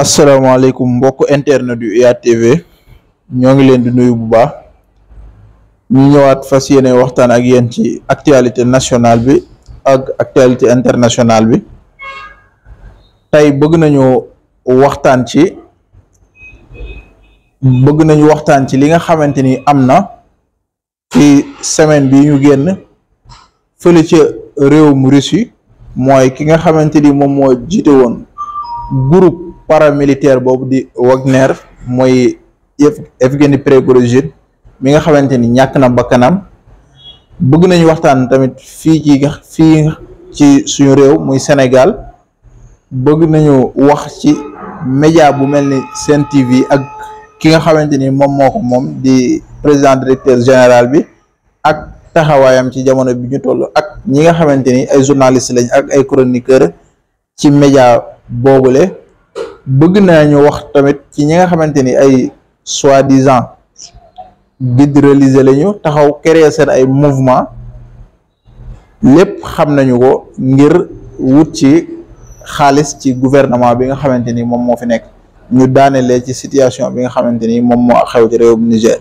asalaamaaleykum mbokk internet yu iyat e ñoo ngi leen di nuyu bu baax ñu ñëwaat fas yéene waxtaan ak yéen ci actualité nationale bi ak actualité internationale bi tey bëgg nañu waxtaan ci bëgg nañu waxtaan ci li nga xamante ni am na ci semaine bi ñu génn fële ca réewum Russie mooy ki nga xamante ni moom mooy jiite woon groupe militaire boobu di Wagner mooy Evgeny Prigojine mi nga xamante ni ñàkk na bakkanam bëgg nañu waxtaan tamit fii ci fii ci suñu réew muy Sénégal bëgg nañu wax ci média bu mel ni Sen TV ak ki nga xamante ni moom moo ko moom di président directeur général bi ak taxawaayam ci jamono bi ñu toll ak ñi nga xamante ni ay journaliste lañ ak ay chroniqueur ci média boobule bëgg naa ñu wax tamit ci ñi nga xamante ni ay soi-disant guide religieux lañu taxaw créer seen ay mouvement lépp xam nañu ko ngir wut ci xaalis ci gouvernement bi nga xamante ni moom moo fi nekk ñu daanelee ci situation bi nga xamante ni moom moo xew ci réewum Niger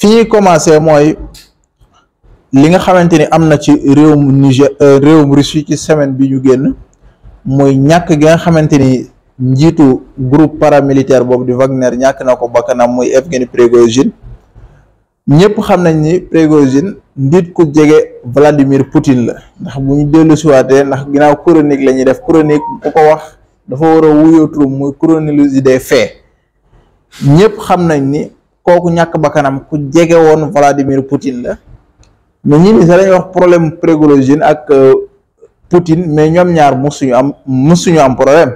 fi ñuy commencé mooy li nga xamante ni am na ci réewum Niger euh, réewum Russie ci semaine bi ñu génn mooy ñàkk gi nga xamante ni njiitu groupe paramilitaire boobu di Wagner ñàkk na ko bakkanam muy Evgeny Prigojine ñëpp xam nañ ni Prigojine nit ku jege Vladimir Poutine la ndax bu ñu dellu siwaatee ndax ginnaaw chronique la ñuy def chronique bu ko wax dafa war a wuyoo turam muy chronologie des faits ñëpp xam nañ ni kooku ñàkk bakkanam ku jege woon Vladimir Poutine la mais ñi ni sax dañuy wax problème Prigojine ak euh, Poutine mais ñoom ñaar musuñu am musuñu am problème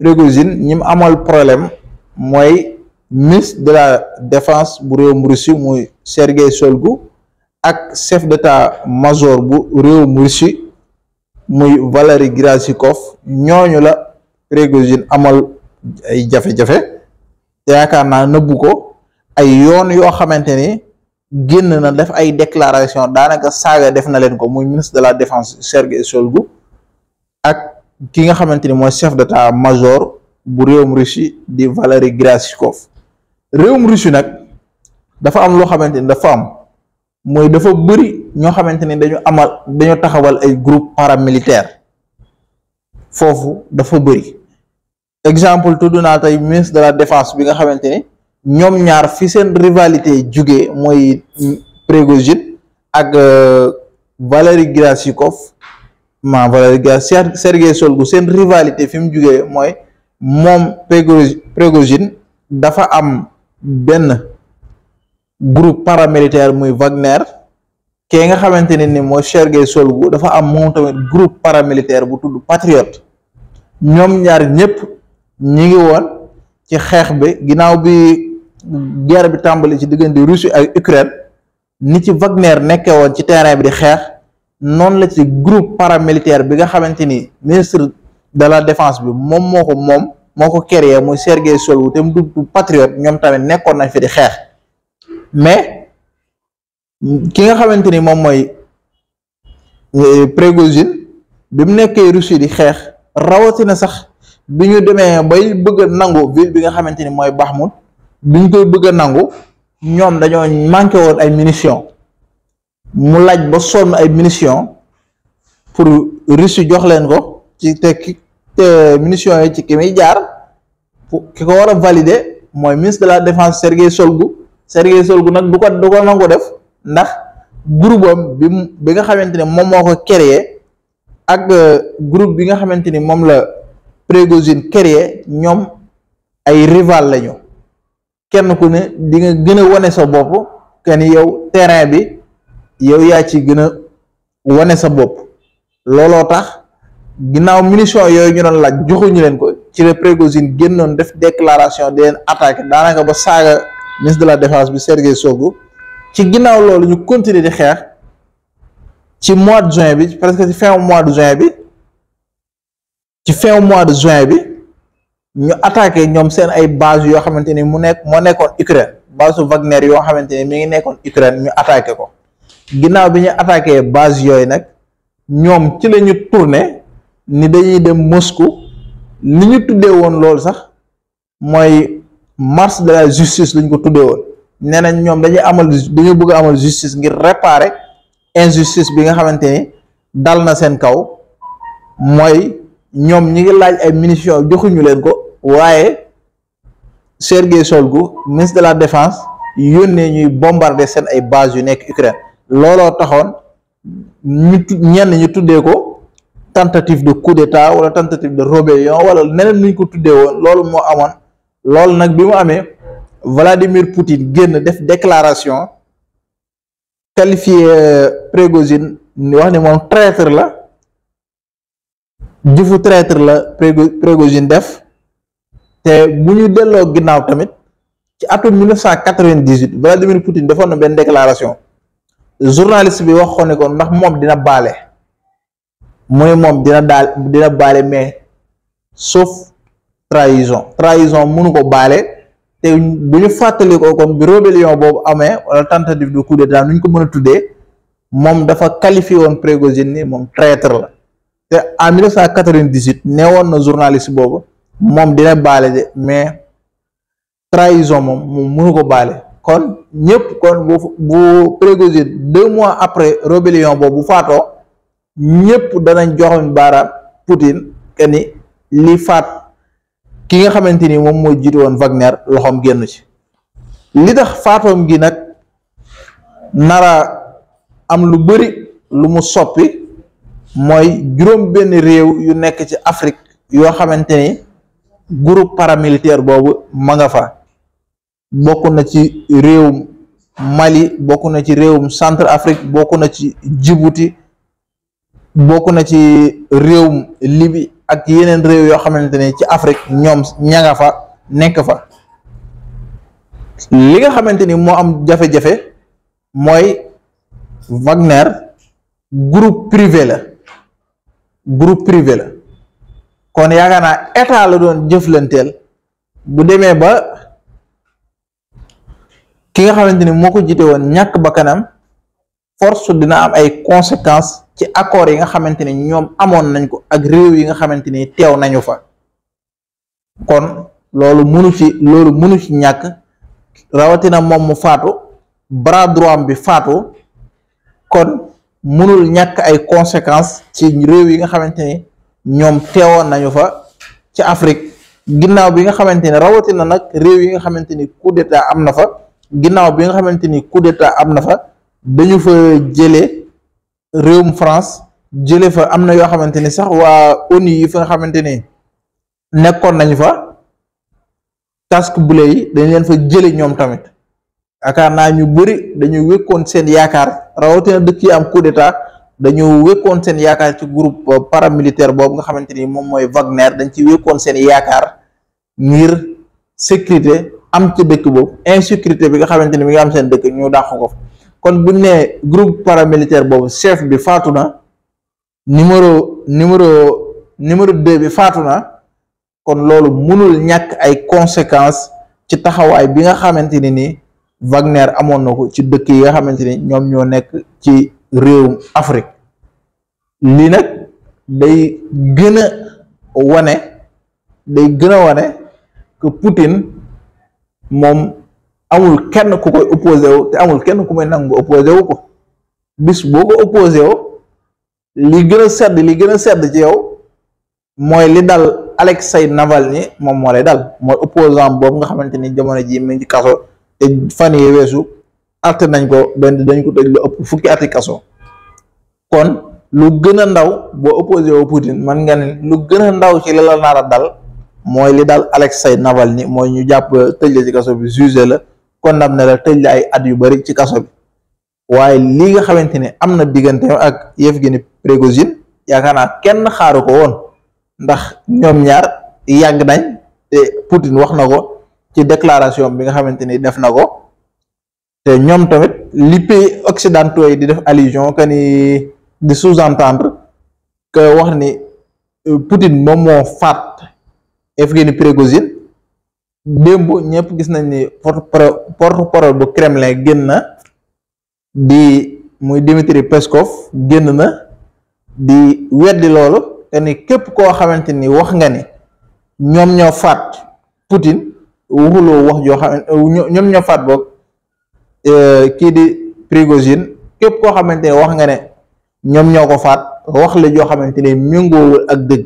Prigojine ñi mu amal problème mooy ministre de la défense bu réewum Russie muy Sergei Shoigu ak chef d'état-major bu réewum Russie muy Valery Gerasimov ñooñu la Prigojine amal ay jafe-jafe yaakaar naa nëbbu ko ay yoon yoo xamante ni génn na def ay déclaration daanaka saaga def na leen ko muy ministre de la défense Sergei Shoigu ak ki nga xamante ni mooy chef d'état major bu réewum Russie di Valéry Grashkov réewum Russie nag dafa am loo xamante ni dafa am mooy dafa bëri ñoo xamante ni dañu amal dañu taxawal ay groupe paramilitaire foofu dafa bëri exemple tudd naa tey ministre de la défense bi nga xamante ni ñoom ñaar fi seen rivalité jugee mooy Prégojine ak euh, Valéry Grashkov ma Valeria sol Solgu seen rivalité fi mu jugee mooy moom Prégojine dafa am benn groupe paramilitaire muy Wagner kee nga xamante ne ni mooy Sergey Solgu dafa am moom tamit groupe paramilitaire bu tudd Patriote ñoom ñaar ñëpp ñi ngi woon ci xeex bi ginnaaw bi guerre bi tàmbali ci diggante Russie ak Ukraine ni ci Wagner nekkee woon ci terrain bi di xeex. noonu la ci groupe paramilitaire bi nga xamante ni ministre de la défense bi moom moo ko moom moo ko créé muy Sergey Shoigu te mu du patriote ñoom tamit nekkoon nañ fi di xeex mais ki nga xamante ni moom mooy euh, Prégojine bi mu nekkee Russie di xeex rawatina sax bi ñu demee bay bëgg a nangu ville bi nga xamante ni mooy Bakhmout bi ñu koy bëgg nangu ñoom dañoo manqué woon ay munitions. mu laaj ba sonn ay munitions pour Russie jox leen ko ci te ki te munitions yi ci ki muy jaar pour ki ko war a valider mooy ministre de la défense Sergei Solgu sol gu nag du ko du ko nangu def ndax groupe am bi bi nga xamante ne moom moo ko créé ak euh, groupe bi nga xamante ni moom la Prigozhin créé ñoom ay rival lañu kenn ku ne di nga gën a wane sa bopp que ni yow terrain bi. yow yaa ci gën a wane sa bopp looloo tax ginnaaw munition yooyu ñu doon laaj joxuñu leen ko ci la Prigojine génnoon def déclaration di leen attaqué daanaka ba saaga ministre de la défense bi Sergey Shoigu ci ginnaaw loolu ñu continuer di xeex ci mois de juin bi presque ci fin mois de juin bi ci fin mois de juin bi ñu attaqué ñoom seen ay base yoo xamante ni mu nekk moo nekkoon Ukraine base su Wagner yoo xamante ni mi ngi nekkoon Ukraine ñu attaqué ko. ginnaaw bi ñu attaqué base yooyu nag ñoom ci la ñu tourné ni dañuy dem Moscou ni ñu tuddee woon loolu sax mooy marche de la justice lañ ko tuddee woon nee nañ ñoom dañuy amal dañu bëgg amal justice ngir réparer injustice bi nga xamante ni dal na seen kaw mooy ñoom ñi ngi laaj ay munitions joxuñu leen ko waaye Sergei Shoigu ministre de la défense yónnee ñuy bombarder seen ay base yu nekk Ukraine. looloo taxoon ñu ñenn ñu tuddee ko tentative de coup d'état wala tentative de rébellion wala neneen nuñ ko tuddee woon loolu moo amoon loolu nag bi mu amee Vladimir Poutine génn def déclaration qualifié euh, Prégozine ni wax ne moom traître la jëfu traître la prégosine def te bu ñu delloo ginnaaw tamit ci atum 1998 Vladimir Poutine defoon na benn déclaration journaliste bi wax ko ne ko ndax moom dina baale mu ne moom dina daal dina baale mais sauf trahison trahison munu ko baale te bu ñu fàttali ko kon bi rébellion boobu amee wala tentative de coup d'état nu ñu ko mën a tuddee moom dafa qualifié woon Prégojine ni moom traître la te en 1998 nee woon na journaliste boobu moom dina baale de mais trahison moom moom mënu ko baale. kon ñëpp kon bu bu Prégozine deux mois après rébellion boobu faatoo ñëpp danañ joxoñ baaraam Poutine que ni li faat ki nga xamante ni moom moo jiitu woon Wagner loxoom génn ci li tax faatoom gi nag nara am lu bari lu mu soppi mooy juróom benn réew yu nekk ci Afrique yoo xamante ni groupe paramilitaire boobu ma nga fa bokk na ci réewum Mali bokk na ci réewum Centre Afrique bokku na ci Djibouti bokk na ci réewum Libye ak yeneen réew yoo xamante ne ci Afrique ñoom ña nga fa nekk fa li nga xamante ni moo am jafe-jafe mooy Wagner groupe privé la groupe privé la kon yaakaar naa état la doon jëflanteel bu demee ba yi nga xamante ni moo ko jitee woon ñàkk bakkanam force dina am ay conséquences ci accords yi nga xamante ni ñoom amoon nañ ko ak réew yi nga xamante ni teew nañu fa kon loolu mënu ci loolu mënu ci ñàkk rawatina moom mu faatu bras droit bi faatu kon mënul ñàkk ay conséquences ci réew yi nga xamante ni ñoom teewoon nañu fa ci Afrique ginnaaw bi nga xamante ni rawatina nag réew yi nga xamante ni coup d'état am na fa. ginnaaw bi nga xamante ni coup d'état am na fa dañu fa jëlee réewum France jële fa am na yoo xamante ni sax waa ONU yi fa nga xamante ni nekkoon nañ fa casque bule yi dañ leen fa jëlee ñoom tamit yaakaar naa ñu bëri dañu wékkoon seen yaakaar rawatina dëkk yi am coup d'état dañu wékkoon seen yaakaar ci groupe euh, paramilitaire boobu nga xamante ni moom mooy Wagner dañ ci wékkoon seen yaakaar ngir sécurité. am ci dëkk boobu insécurité bi nga xamante ne mi nga am seen dëkk ñu dàq ko kon bu ne groupe paramilitaire boobu chef bi faatu na numéro numéro numéro deux bi faatu na kon loolu mënul ñàkk ay conséquence ci taxawaay bi nga xamante ne ni Wagner amoon na ko ci dëkk yi nga xamante ni ñoom ñoo nekk ci réewum Afrique lii nag day gën a wane day gën a wane que Poutine moom amul kenn ku koy opposé wu te amul kenn ku may nangu opposé wu ko bis boo ko opposé wu li gën a sedd li gën a sedd ci yow mooy li dal Alexei ni moom moo lay dal mooy opposant boobu nga xamante ni jamono ji mi ngi ci kaso te fan yi weesu àtte nañ ko benn dañ ko tëj lu ëpp fukki ati kaso kon lu gën a ndaw boo opposé wu Poutine man nga ne lu gën a ndaw ci li la nar dal mooy li daal Alexei ni mooy ñu jàpp tëj ci kaso bi jugé la condamné la tëj la ay at yu bari ci kaso bi waaye lii nga xamante ne am na diggante ak Yevgeny Prigozhin yaakaar naa kenn xaaru ko woon ndax ñoom ñaar yàgg nañ te Poutine wax na ko ci déclaration bi nga xamante ni def na ko te ñoom tamit li pays yi di def allusion que ni di sous-entendre que wax ni Poutine moom moo faat Evgeny Prigozhin démb ñëpp gis nañ ni porte parole bu Kremlin génn na di muy Dmitri Peskov génn na di weddi loolu te ni képp koo xamante ni wax nga ni ñoom ñoo faat Poutine waxuloo wax joo xam ñoom ñoo faat boog euh, kii di Prigozhin képp koo xamante ni wax nga ne ñoom ñoo ko faat wax la joo xamante ni méngoowul ak dégg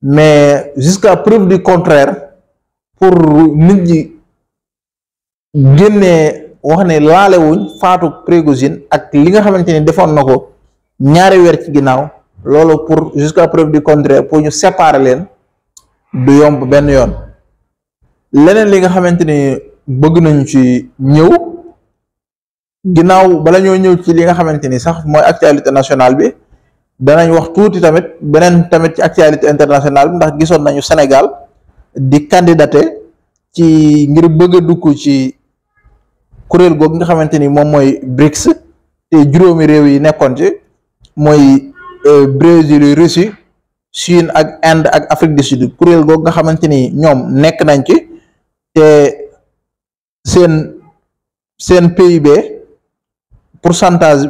mais jusqu'à preuve du contraire pour nit yi génne wax ne laalewuñ faatu Prigojine ak li nga xamante ni defoon na ko ñaari weer ci ginnaaw loolu pour jusqu'à preuve du contraire pour ñu séparer leen du yomb benn yoon leneen li nga xamante ni bëgg nañu ci ñëw ginnaaw bala ñoo ñëw ci li nga xamante ni sax mooy actualité nationale bi danañ wax tuuti tamit beneen tamit ci actualité internationale ndax gisoon nañu Sénégal di candidaté ci ngir bëgg a dugg ci kuréel googu nga xamante ni moom mooy BRICS te juróomi réew yi nekkoon ci mooy euh, Brésil Russie Chine ak Inde ak Afrique du Sud kuréel googu nga xamante ni ñoom nekk nañ ci te seen seen PIB pourcentage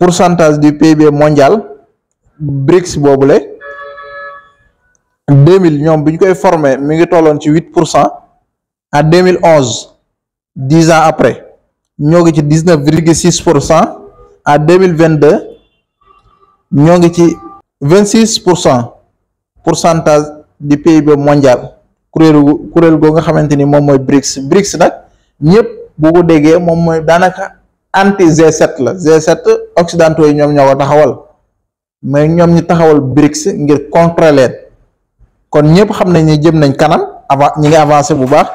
pourcentage du PIB mondial BRICS boobule 2000 ñoom bi koy formé mi ngi tolloon ci huit pour cent à 2011 dix ans après ñoo ngi ci dix neuf virgule six pour cent à 2022 ñoo ngi ci vingt six pour cent pourcentage du PIB mondial kuréelu kuréel goo nga xamante ni moom mooy BRICS BRICS nag ñëpp boo ko déggee moom mooy daanaka. anti G7 la G7 occidentaux yi ñoom ñoo ko taxawal mais ñoom ñu taxawal BRICS ngir contrer leen kon ñëpp xam nañ ne jëm nañ kanam avant ñi ngi avancé bu baax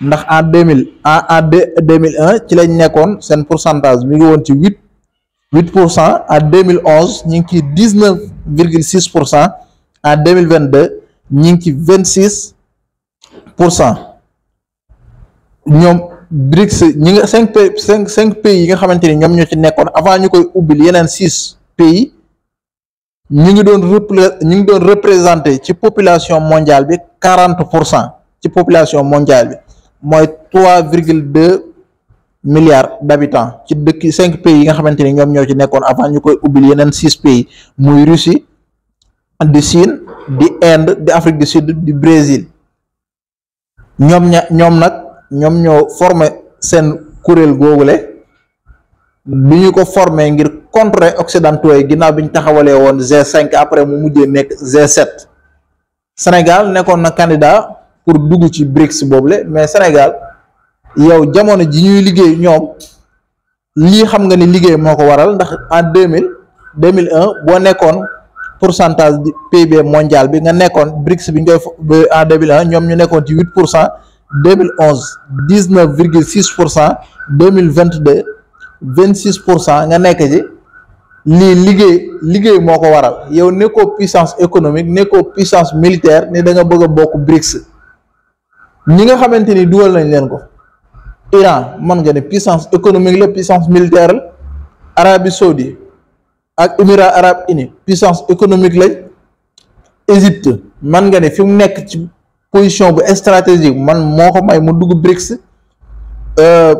ndax en deux mille en en deux mille un ci lañ nekkoon seen pourcentage mi ngi woon ci huit huit pour cent en deux mille onze ñu ngi ci dix neuf virgule six pour cent en deux mille vingt deux ñu ngi ci vingt six pour cent ñoom. BRICS ñi nga cinq pays cinq cinq pays yi nga xamante ni ñoom ñoo ci nekkoon avant ñu koy ubbil yeneen six pays ñu ngi doon ñu ngi doon représenté ci population mondiale bi quarante pour cent ci population mondiale bi mooy trois virgule deux milliards d'habitants ci dëkk cinq pays yi nga xamante ni ñoom ñoo ci nekkoon avant ñu koy ubbil yeneen six pays muy Russie di Chine di Inde di Afrique du Sud di Brésil ñoom ña ñoom nag. ñoom ñoo formé seen kuréel googule bi ñu ko formé ngir contrer occidentaux ginnaaw bi ñu taxawalee woon cinq 5 après mu mujjee nekk G7 Sénégal nekkoon na candidat pour dugg ci BRICS boobule mais Sénégal yow jamono ji ñuy liggéey ñoom lii xam nga ni liggéey moo ko waral ndax en deux mille deux mille un boo nekkoon pourcentage PIB mondial bi nga nekkoon BRICS bi ñu koy en deux mille un ñoom ñu nekkoon ci huit pour cent. deux mille 2011 19 virgule 6 pour cent deux mille vingt 2022 26 pour cent nga nekk ci lii liggéey liggéey moo ko waral yow nekkoo puissance économique nekkoo puissance militaire ne da nga bëgg a bokk BRICS ñi nga xamante ni dugal nañ leen ko Iran man nga ne puissance économique la puissance militaire la Arabie Saoudi ak Émirats Arabes Unis puissance économique lañ Égypte man nga ne fi mu nekk ci position bu stratégique man moo ko may mu dugg BRICS euh,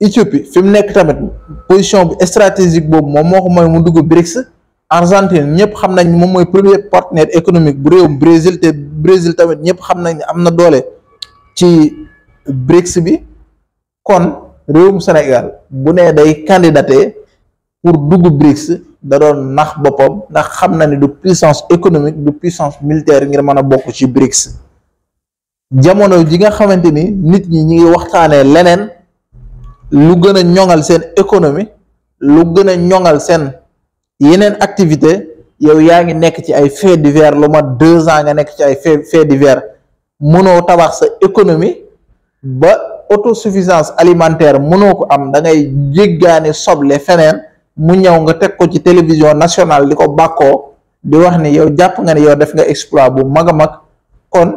Éthiopie fi mu nekk tamit position bu stratégique boobu moom moo ko may mu dugg BRICS Argentine ñëpp xam nañ moom mooy premier partenaire économique bu réewum Brésil te Brésil tamit ñëpp xam nañ am na doole ci BRICS bi kon réewum Sénégal bu nee day candidaté pour dugg BRICS da doon nax boppam ndax xam na ni du puissance économique du puissance militaire ngir mën a bokk ci BRICS jamono ji nga xamante ni nit ñi ñi ngi waxtaanee leneen lu gën a ñoŋal seen économie lu gën a ñoŋal seen yeneen activité yow yaa ngi nekk ci ay fait divers lu mat deux ans nga nekk ci ay fait fait divers mënoo tabax sa économie ba autosuffisance alimentaire mënoo ko am da ngay jéggaani soble feneen mu ñëw nga teg ko ci télévision nationale di ko bàkkoo di wax ni yow jàpp nga ne yow def nga exploit bu mag a mag kon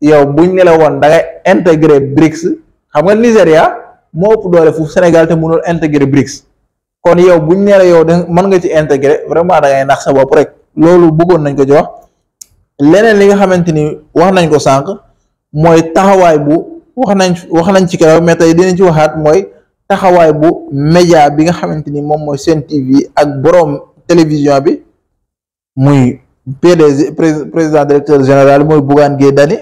yow buñ ne la woon da ngay intégré BRICS xam nga nigeria moo ëpp doole fu Sénégal te mënul intégré BRICS kon yow buñ ne la yow da mën nga ci intégré vraiment da ngay nax sa rek loolu buggoon nañ ko jox leneen li nga xamante ni wax nañ ko sànq mooy taxawaay bu wax nañ wax nañ ci keroog mais tey dinañ ci waxaat mooy taxawaay bu média bi nga xamante ni moom mooy Sen TV ak boroom télévision bi muy PDG président directeur général mooy Bougane Gueye Dany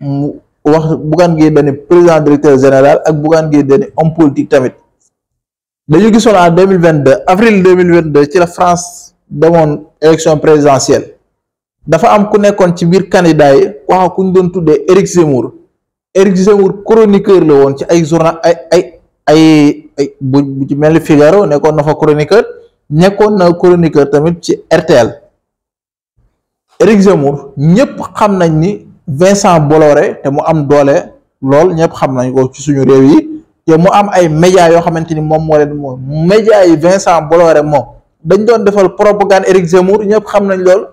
mu wax Bougane Gueye Dany président directeur général ak Bougane Gueye Dany homme politique tamit dañu gisoon en deux mille vingt deux avril deux mille vingt deux ci la France demoon élection présidentielle dafa am ku nekkoon ci biir candidat yi wax ku ñu doon tuddee Éric Zemmour Éric Zemmour chroniqueur la woon ci ay journal ay ay ay bu ci mel ni Figaro nekkoon na fa chroniqueur nekkoon na chroniqueur tamit ci RTL Éric Zemmour ñëpp xam nañ ni. cent Bolloré te mu am doole lool ñëpp xam nañ ko ci suñu réew yi te mu am ay médias yoo xamante ni moom moo leen moom médias yi Vincent Bolloré moom dañ doon defal propagande Éric Zemmour ñëpp xam nañ lool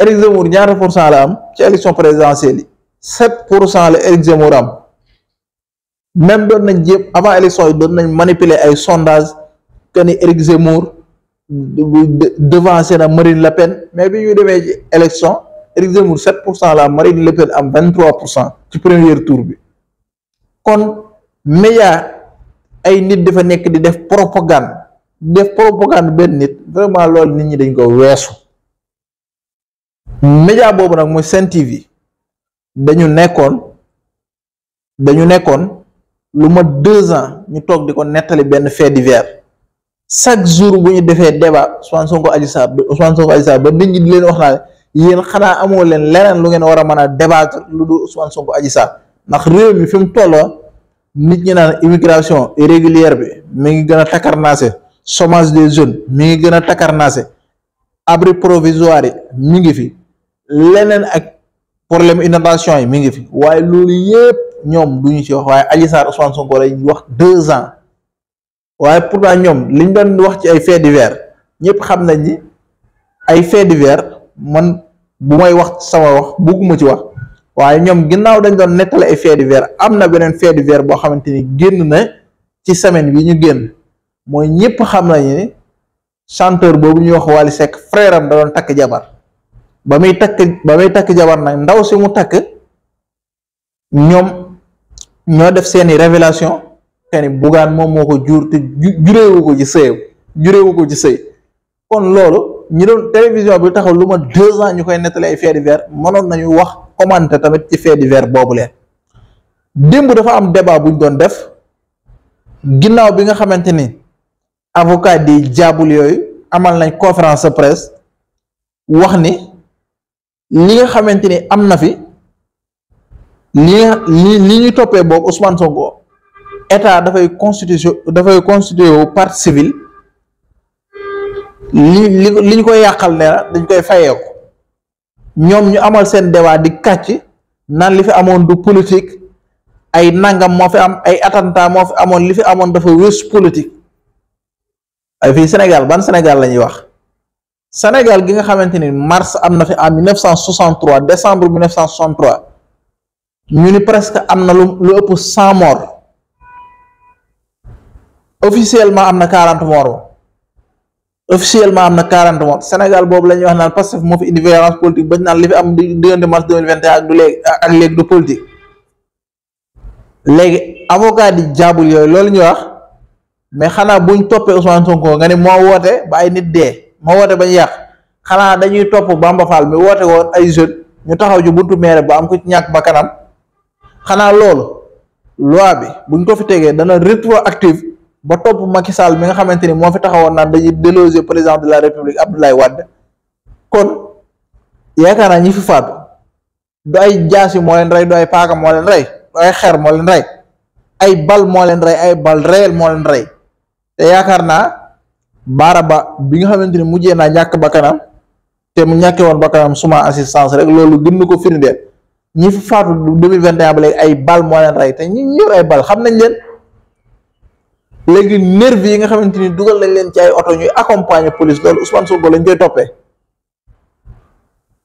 Éric Zemmour ñaata pour cent la am ci élection présidentielle yi sept pour cent la Éric Zemmour am même doon nañ jéem avant élection yi doon nañ manipuler ay sondage que ni Éric Zemmour devancé na Marine la Pen mais bi ñu demee ci élection. Éric Zemmour 7 pour cent la Marine Le Pen am 23 pour cent ci premier tour bi kon média ay nit dafa nekk di def propagande def propagande benn nit vraiment loolu nit ñi dañ ko weesu média boobu nag mooy Sen TV dañu nekkoon dañu nekkoon lu ma deux ans ñu toog di ko nettali benn fait divers chaque jour bu ñu defee débat Ousmane Sonko Adji Sarr Ousmane Sonko Adji Sarr ba nit ñi di leen wax naa yéen xanaa amoo leen leneen lu ngeen war a mën a débattre lu du Ousmane Sonko Adji Sarr ndax réew mi fi mu toll nit ñi naan immigration irrégulière bi mi ngi gën a takarnaase chômage des jeunes mi ngi gën a takarnaase abri provisoire yi mi ngi fi leneen ak problème inondation yi mi ngi fi waaye loolu yépp ñoom du ñu ci wax waaye aji Sarr Ousmane Sonko lay wax deux ans waaye pourtant ñoom liñ doon wax ci ay faits divers ñëpp xam nañ ni ay faits divers man bu may wax sama wax bugguma ci wax waaye ñoom ginnaaw dañ doon nettale ay faits divers am na beneen fait divers boo xamante ni génn na ci semaine bi ñu génn mooy ñëpp xam nañu ni chanteur boobu ñuy wax Wally Seck frère am da doon takk jabar ba muy takk ba muy takk jabar nag ndaw si mu takk ñoom ñoo def seeni révélation te ni Bougane moom moo ko jur te jureewu ko ci sëy jureewu ko ci sëy kon loolu ñi doon télévision bi taxaw lu ma deux ans ñu koy nettali ay faits divers mënoon nañu wax commenter tamit ci faits divers boobu leen démb dafa am débat buñ doon def ginnaaw bi nga xamante ni avocat di jaabul yooyu amal nañ conférence de presse wax ni li nga xamante ni am na fi li nga li li ñu toppee boog Ousmane Sonko état dafay constitution dafay constitué wu partie li li li ñu koy yàqal ne la dañ koy fayeeku ñoom ñu amal seen débat di kàcc naan li fi amoon du politik ay nangam moo fi am ay attentat moo fi amoon li fi amoon dafa wés politique ay fii senegal ban senegal la ñuy wax senegal gi nga xamante ni mars am na fi en 1963 décembre 1963 ñu ni presque am na lu lu ëpp 100 morts officiellement am na 40 morts. officiellement am na quarante mois Sénégal boobu lañu wax naan Pastef moo fi indi violence politique bañ naan li fi am diggante mars deux mille vingt et un ak du léegi ak léegi du politique léegi avocat di jaabul yooyu loolu ñuy wax mais xanaa buñ toppee Ousmane Sonko nga ne moo woote ba ay nit dee moo woote bañ yax xanaa dañuy topp Bamba Fall mi woote woon ay jeunes ñu taxaw ju buntu maire ba am ko ci ñàkk ba kanam xanaa loolu loi bi buñ ko fi tegee dana rétroactive ba topp Macky Sall mi nga xamante ni moo fi taxawoon naa dañuy déloger président de la république Abdoulaye Wade kon yaakaar naa ñi fi faatu du ay jaasi moo leen rey du ay paaka moo leen rey du ay xeer moo leen rey ay bal moo leen ay bal réel moo leen rey te yaakaar naa baara ba bi nga xamante ni mujjee naa ñàkk ba kanam te mu ñàkkee woon ba kanam suma assistance rek loolu gën ko firndeel ñi fi faatu 2021 ba léegi ay bal moo leen rey te ñi ñu ay bal xam nañ leen. léegi nervi yi nga xamante ni dugal nañ leen ci ay oto ñuy accompagner police loolu Ousmane Sonko lañ koy toppee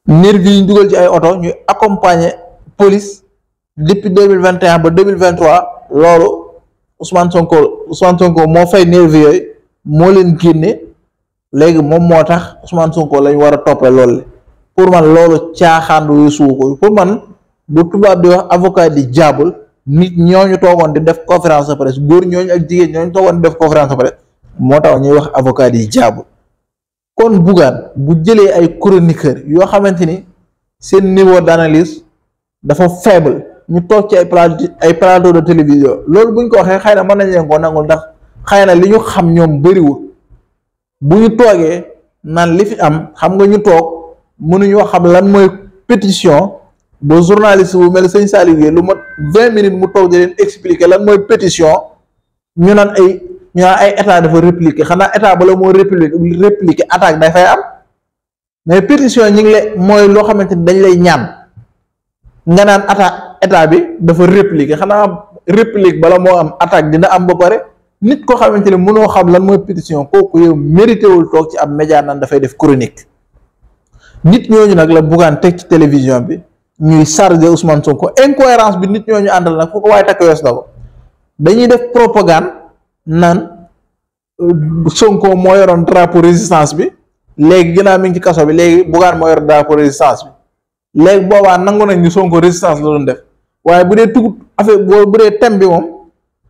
nervi yi ñu dugal ci ay oto ñuy accompagner police depuis deux mille vingt ba deux mille vingt trois loolu Ousmane Sonko Ousmane Sonko moo fay nervi yooyu moo leen génne léegi moom moo tax Ousmane Sonko lañ war a toppee loolu pour man loolu caaxaan wu suuf pour man bu tubaab di wax avocat di jaabul. nit ñooñu toogoon di def conférence de presse góor ñooñu ak jigéen ñooñu toogoon di def conférence de presse moo tax ñuy wax avocat yi jaabul kon Bougane bu jëlee ay chroniqueur yoo xamante ni seen niveau d'analyse dafa faible ñu toog ci ay plateau ay plateau de télévision loolu buñ ko waxee xay na mën nañ leen koo nangul ndax xëy na li ñu xam ñoom bëriwul bu ñu toogee naan li fi am xam nga ñu toog mënuñoo xam lan mooy pétition boo journaliste bu mel sëñ Saliou Guèye lu mot vingt minutes mu toog di leen expliquer lan mooy pétition ñu naan ay ñu ay état dafa répliquer xanaa état bala moo répliquer répliquer attaque day fay am mais pétition ñi ngi lay mooy loo xamante ni dañ lay ñaan nga naan état bi dafa répliquer xanaa réplique bala moo am attaque dina am ba pare nit koo xamante ne mënoo xam lan mooy pétition kooku yow mérité wul toog ci ab média naan dafay def chronique nit ñooñu nag la buggaan teg ci télévision bi. ñuy chargé Ousmane Sonko incohérence bi nit ñoo ñu àndal nag foo ko waaye takk wees na ko dañuy def propagande naan euh, Sonko moo yoroon drapeau résistance bi léegi ginnaaw mi ngi ci kaso bi léegi Bougane mooy yor drapeau résistance bi léegi boobaa nangu nañ ñu Sonko résistance la doon def waaye bu dee tug affaire bu dee thème bi moom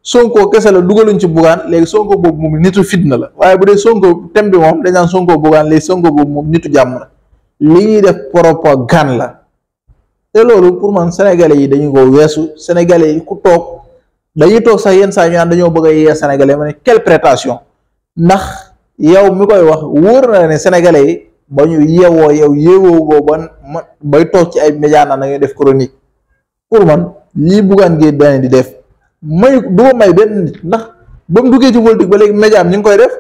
Sonko kese la dugaluñ ci Bougane léegi Sonko boobu moom nitu fitna la waaye bu dee Sonko thème bi moom dañ naan Sonko Bougane léegi nitu jàmm la li ñuy def propagande la. te loolu pour man sénégalais yi dañu ko weesu sénégalais yi ku toog dañuy toog sax yenn saa ñu naan dañoo bëgg a yee sénégalais ma ne quelle ndax yow mi koy wax wóor na ne sénégalais yi ba ñu yeewoo yow yeewoo ko ba bay toog ci ay médias naan da ngay def chronique pour man lii buggaan géej daan di def may du ma may benn nit ndax ba mu duggee ci politique ba léegi média am ñu ngi koy def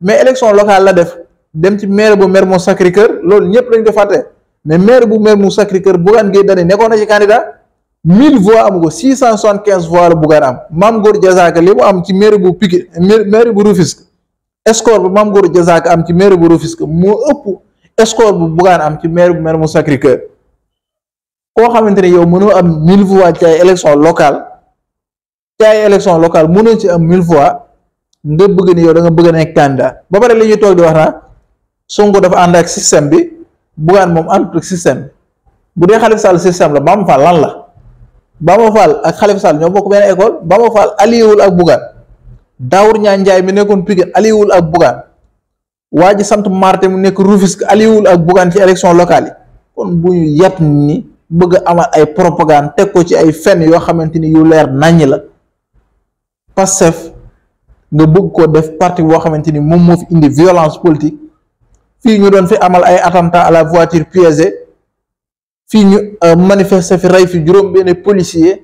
mais élection locale la def dem ci maire bu Mermoz Sacré-Cœur loolu ñëpp lañ ko fàtte. mais maire bu maire mu Sacré-Cœur Bougane Gueye Dany nekkoon na ci candidat mille voix amu ko cent soixante quinze voix la Bougane am Mame Gor Diazaka li mu am ci maire bu Pikine maire bu Rufisque score bu Mame Gor Diazaka am ci maire bu Rufisque mu ëpp score bu Bougane am ci maire bu mer mu Sacré-Cœur koo xamante ne yow mënoo am mille voix ci ay élection locale ci ay élection locale mënoo ci am mille voix nga bëgg ni yow da nga bëgg a nekk candidat ba pare li ñuy toog di wax naa Sonko dafa ànd ak système bi Bougane moom entre système bu dee Khalifa Sall système la Bamba Fall lan la Bamba Fall ak Khalifa Sall ñoo bokk benn école Bamba Fall alliéwul ak Bougane Daawur Ñaan Njaay mi nekkoon Pikine alliéwul ak Bougane waa ji sant Martin mu nekk Rufisque alliéwul ak Bougane ci élection locale yi kon bu ñu yàpp ni bëgg a amal ay propagande teg ko ci ay fenn yoo xamante ni yu leer naññ la Pastef nga bëgg ko def parti boo xamante ni moom moo fi indi violence politique fii ñu doon fi amal ay attentat à la voiture piégée fii ñu euh, manifester fi rey fi juróom benn policier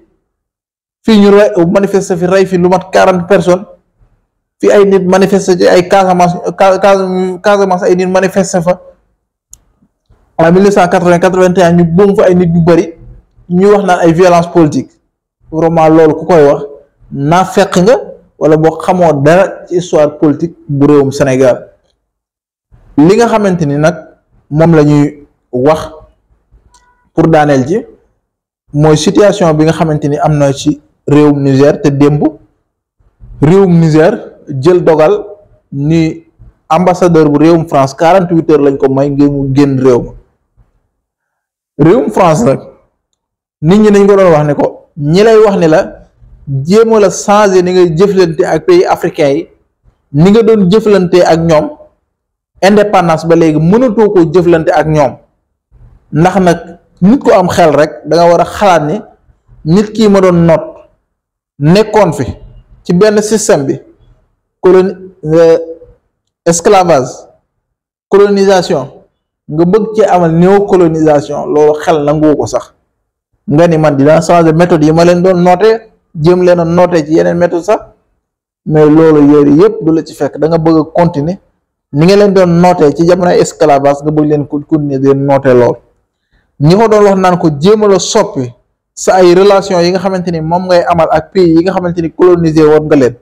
fii ñu manifester fi rey fi lu mat quarante personnes fii ay nit manifester ci ay Casamance Casamance ay nit manifester fa en 1980 81 ñu boom fa ay nit ñu bëri ñu wax naan ay violence politique vraiment loolu ku koy wax naa fekk nga wala boo xamoo dara ci histoire politique bu réewum Sénégal li nga xamante ni nag moom la ñuy wax pour daaneel ji mooy situation bi nga xamante ni am na ci réewum Niger te démb réewum Niger jël dogal ni ambassadeur bu réewum France quarante huit heures lañ ko may ngir mu génn réew ma réewum France nag nit ñi dañ ko doon wax ne ko ñi wax ni la jéem a la ni ngay jëflante ak pays africain yi ni nga doon jëflante ak ñoom. indépendance ba léegi mënatoo koo jëflante ak ñoom ndax nag nit ko am xel rek danga nga war a xalaat ni nit kii ma doon noot nekkoon fi ci benn système bi coloni euh, esclavage colonisation nga bëgg cee amal néew colonisation loolu xel nangu ko sax nga ni man dinaa changer méthode yi ma leen doon nootee jëm leen a nootee ci yeneen méthode sax mais loolu yooyu yëpp du la ci fekk da nga bëgg a ni nga leen doon nootee ci jamono esclavage nga bëgg leen ku continuer di leen nootee lool ñi ko doon wax naan ko jéemalo a soppi sa ay relation yi nga xamante ni moom ngay amal ak pays yi nga xamante ni colonisé woon nga leen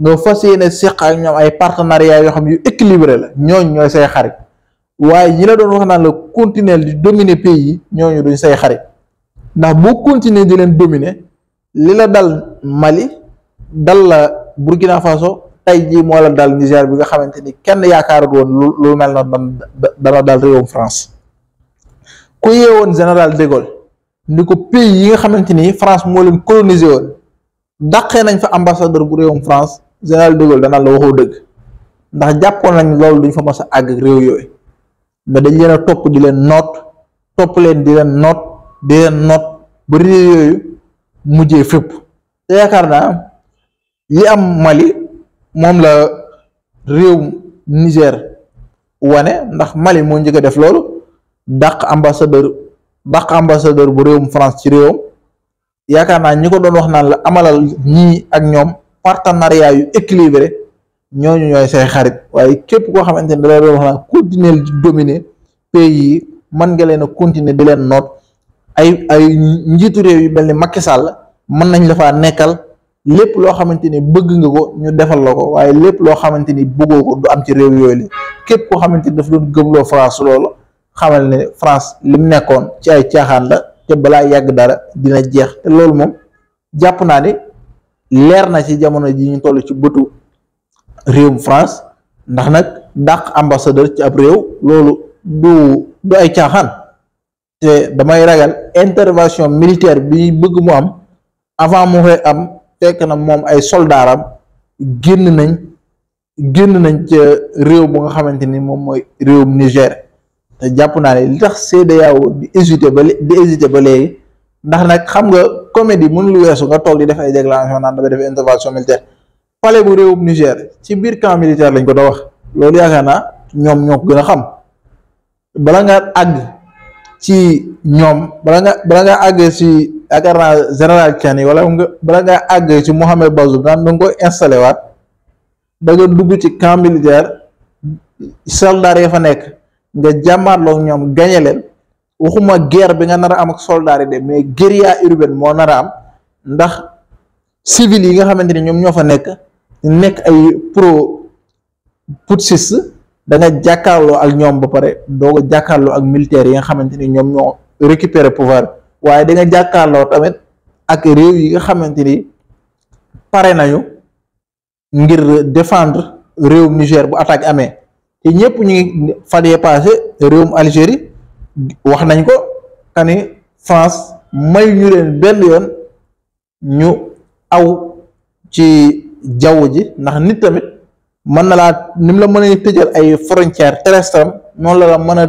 nga fas yéene seq ak ñoom ay partenariat yoo xam yu équilibré la ñooñ ñooy say xarit waaye ñi la doon wax naan la continuer di dominer pays yi ñooñu duñ say xarit ndax boo continuer di leen dominer li la dal Mali dal la Burkina Faso ay jii moo la dal Niger bi nga xamante ni kenn yaakaarut woon lu mel noonu dana dal réewum France ku yeewoon général de ni ko pays yi nga xamante ni France moo leen woon dàqee nañ fa ambassadeur bu réewum France général de Gaulle dëgg ndax jàppoon nañ loolu duñ fa mos a àgg réew yooyu mais dañ leen a topp di leen noot topp leen di leen noot di leen noot ba réew yooyu mujjee fépp te yaakaar naa li am Mali. moom la réew Niger wane ndax Mali moo njëkk def loolu dàq ambassadeur dàq ambassadeur bu réewum France ci réewam yaakaar naa ñi ko doon wax naan la amalal ñii ak ñoom partenariat yu équilibré ñooñu ñooy say xarit waaye képp koo xamante ni da la doon wax naan continuer di dominer pays yi mën nga leen a continuer di leen noot ay ay njiitu réew yu mel ni Macky Sall mën nañ la faa nekkal. lépp loo xamante ni bëgg nga ko ñu defal la ko waaye lépp loo xamante ni bëggoo ko du am ci réew yooyu la képp koo xamante ni daf doon gëmloo France loolu xamal ne France li mu nekkoon ci ay caaxaan la te balaa yàgg dara dina jeex te loolu moom jàpp naa ni leer na ci jamono ji ñu toll ci bëtu réewum France ndax nag dàq ambassadeur ci ab réew loolu du du ay caaxaan te damay ragal intervention militaire bi bëgg mu am avant mu koy am. fekk na moom ay soldaaram génn nañ génn nañ ca réew bu nga xamante ni moom mooy réewum Niger te jàpp naa ne li tax CEDEAO di hésité ba di hésité ba léegi ndax nag xam nga comédie mënu lu weesu nga toog di def ay déclaration naan dafay def intervention militaire palais bu réewum Niger ci biir camp militaire lañ ko da wax loolu yaakaar naa ñoom ñoo ko gën a xam bala nga àgg ci ñoom bala nga bala nga àgg si yaakaar naa général Tiani wala nga bala nga àgg si Mohamed Bazoum daan da nga koy installé waat da dugg ci camp militaire soldaar ya fa nekk nga jàmmaarloo ñoom gañe leen waxuma guerre bi nga nar a am ak soldaar yi de mais guérilla urbaine moo nar a am ndax civil yi nga xamante ni ñoom ñoo fa nekk nekk ay pro putschiste da nga jàkkaarloo ak ñoom ba pare doog a jàkkaarloo ak militaires yi nga xamante ni ñoom ñoo récupérer pouvoir waaye da nga jàkkaarloo tamit ak réew yi nga xamante ni pare nañu ngir défendre réewum Niger bu attaque amee te ñëpp ñu ngi fan yee passé réewum Algérie wax nañ ko kani France may ñu leen benn yoon ñu aw ci jaww ji ndax nit tamit mën na laa ni la mën a tëjal ay frontière terrestre noonu la la mën a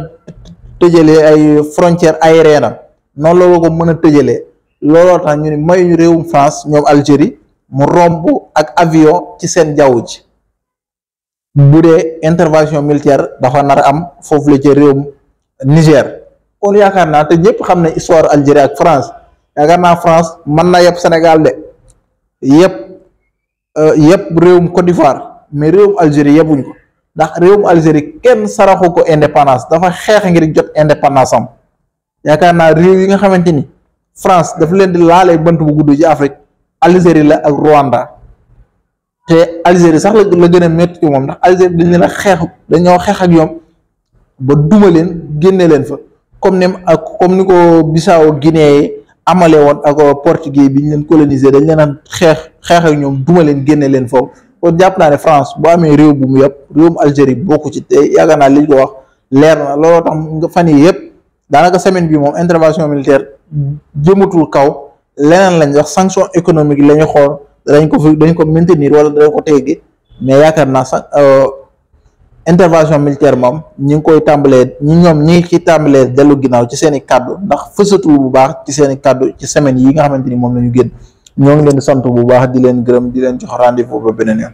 tëjalee ay frontière aérienne am noonu la ko mën a tëjalee looloo tax ñu ne mayuñu réewum France ñoom Algérie mu romb ak avion ci seen jaww ji bu dee intervention militaire dafa nar am foofu la ci réewum Niger kon yaakaar naa te ñëpp xam ne histoire Algérie ak France yaakaar naa France mën na yëpp Sénégal de yëpp euh, yëpp réewum Côte d'Ivoire mais réewum Algérie yebuñ ko ndax réewum Algérie kenn saraxu ko indépendance dafa xeex ngir jot indépendance am yaakaar naa réew yi nga xamante ni France daf leen di laalee bant bu gudd ci Afrique Algérie la ak Rwanda te Algérie sax la gën a métti ci moom ndax Algérie dañu la xeex dañoo xeex ak ñoom ba duma leen génne leen fa comme ni ak comme ni ko Bissau Guinée yi amale woon ak portugais bi ñu leen coloniser dañ leen xeex xeex ak ñoom duma leen génne leen foofu kon jàpp naa ne France boo amee réew bu mu yëpp réewum Algérie bokku ci te yaakaar naa liñ ko wax leer na looloo tax nga fan yii yëpp daanaka semaine bi moom intervention militaire jëmatul kaw leneen lañ wax sanction économique la ñu xool dañ ko fi dañ ko maintenir wala dañ ko teggi mais yaakaar naa sax euh, intervention militaire moom ñi ngi koy tàmbalee ñi ñoom ñi ngi ciy tàmbalee dellu ginnaaw ci seen i kàddu ndax fësatul bu baax ci seen i kàddu ci semaine yi nga xamante ni moom la ñu génn. ñoo ngi leen sant bu baax di leen gërëm di leen jox rendez-vous ba beneen